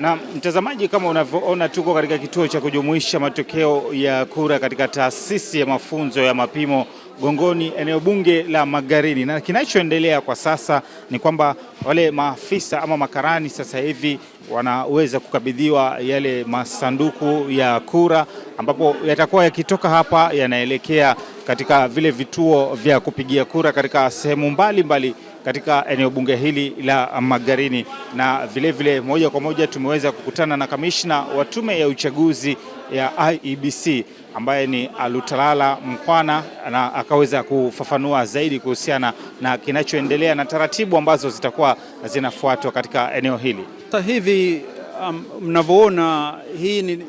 Na mtazamaji, kama unavyoona tuko katika kituo cha kujumuisha matokeo ya kura katika taasisi ya mafunzo ya mapimo Gongoni, eneo bunge la Magarini, na kinachoendelea kwa sasa ni kwamba wale maafisa ama makarani sasa hivi wanaweza kukabidhiwa yale masanduku ya kura, ambapo yatakuwa yakitoka hapa yanaelekea katika vile vituo vya kupigia kura katika sehemu mbalimbali katika eneo bunge hili la Magarini, na vilevile vile moja kwa moja tumeweza kukutana na kamishna wa tume ya uchaguzi ya IEBC ambaye ni Alutalala Mkwana na akaweza kufafanua zaidi kuhusiana na kinachoendelea na taratibu ambazo zitakuwa zinafuatwa katika eneo hili. Sasa hivi um, mnavyoona hii ni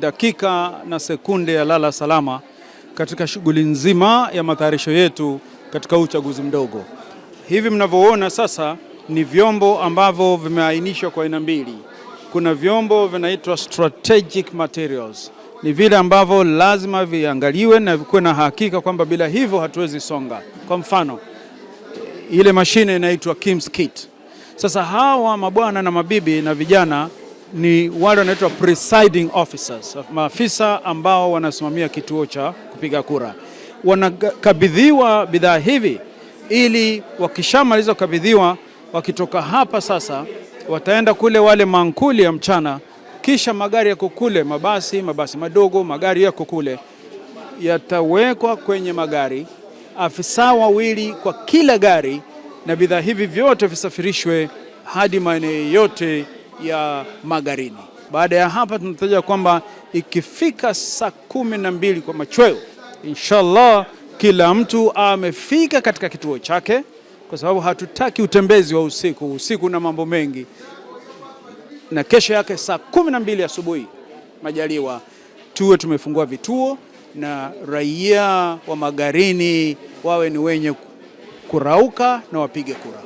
dakika na sekunde ya lala salama katika shughuli nzima ya matayarisho yetu katika uchaguzi mdogo. Hivi mnavyoona sasa ni vyombo ambavyo vimeainishwa kwa aina mbili. Kuna vyombo vinaitwa strategic materials, ni vile ambavyo lazima viangaliwe na kuwe na hakika kwamba bila hivyo hatuwezi songa. Kwa mfano ile mashine inaitwa Kim's Kit. Sasa hawa mabwana na mabibi na vijana ni wale wanaitwa presiding officers, maafisa ambao wanasimamia kituo cha kupiga kura. Wanakabidhiwa bidhaa hivi ili wakishamaliza kukabidhiwa, wakitoka hapa sasa wataenda kule wale mankuli ya mchana, kisha magari yako kule, mabasi mabasi madogo, magari yako kule yatawekwa kwenye magari, afisa wawili kwa kila gari, na bidhaa hivi vyote visafirishwe hadi maeneo yote ya magarini. Baada ya hapa, tunataja kwamba ikifika saa kumi na mbili kwa machweo, inshallah kila mtu amefika katika kituo chake, kwa sababu hatutaki utembezi wa usiku. Usiku na mambo mengi. Na kesho yake saa kumi na mbili asubuhi majaliwa, tuwe tumefungua vituo na raia wa Magarini wawe ni wenye kurauka na wapige kura.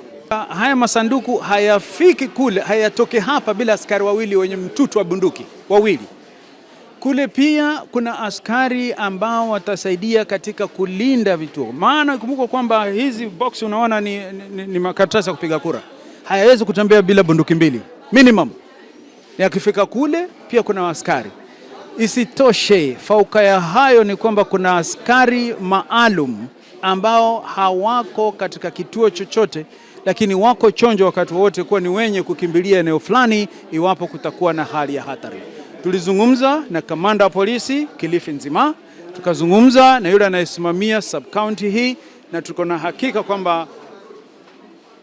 Haya masanduku hayafiki kule, hayatoke hapa bila askari wawili wenye mtutu wa bunduki wawili. Kule pia kuna askari ambao watasaidia katika kulinda vituo, maana kumbuka kwamba hizi box unaona ni, ni, ni makaratasi ya kupiga kura, hayawezi kutembea bila bunduki mbili minimum. Yakifika kule pia kuna askari. Isitoshe, fauka ya hayo ni kwamba kuna askari maalum ambao hawako katika kituo chochote, lakini wako chonjo wakati wote kuwa ni wenye kukimbilia eneo fulani iwapo kutakuwa na hali ya hatari. Tulizungumza na kamanda wa polisi Kilifi nzima, tukazungumza na yule anayesimamia sub county hii, na tuko na hakika kwamba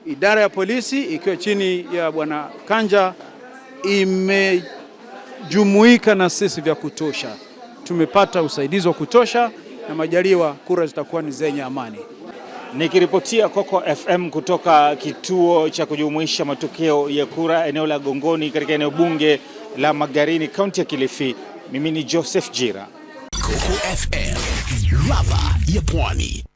idara ya polisi ikiwa chini ya bwana Kanja imejumuika na sisi vya kutosha. Tumepata usaidizi wa kutosha na majaliwa, kura zitakuwa ni zenye amani. Nikiripotia Coco FM kutoka kituo cha kujumuisha matokeo ya kura eneo la Gongoni katika eneo bunge la Magarini, kaunti ya Kilifi. Mimi ni Joseph Jira, Coco FM, ladha ya Pwani.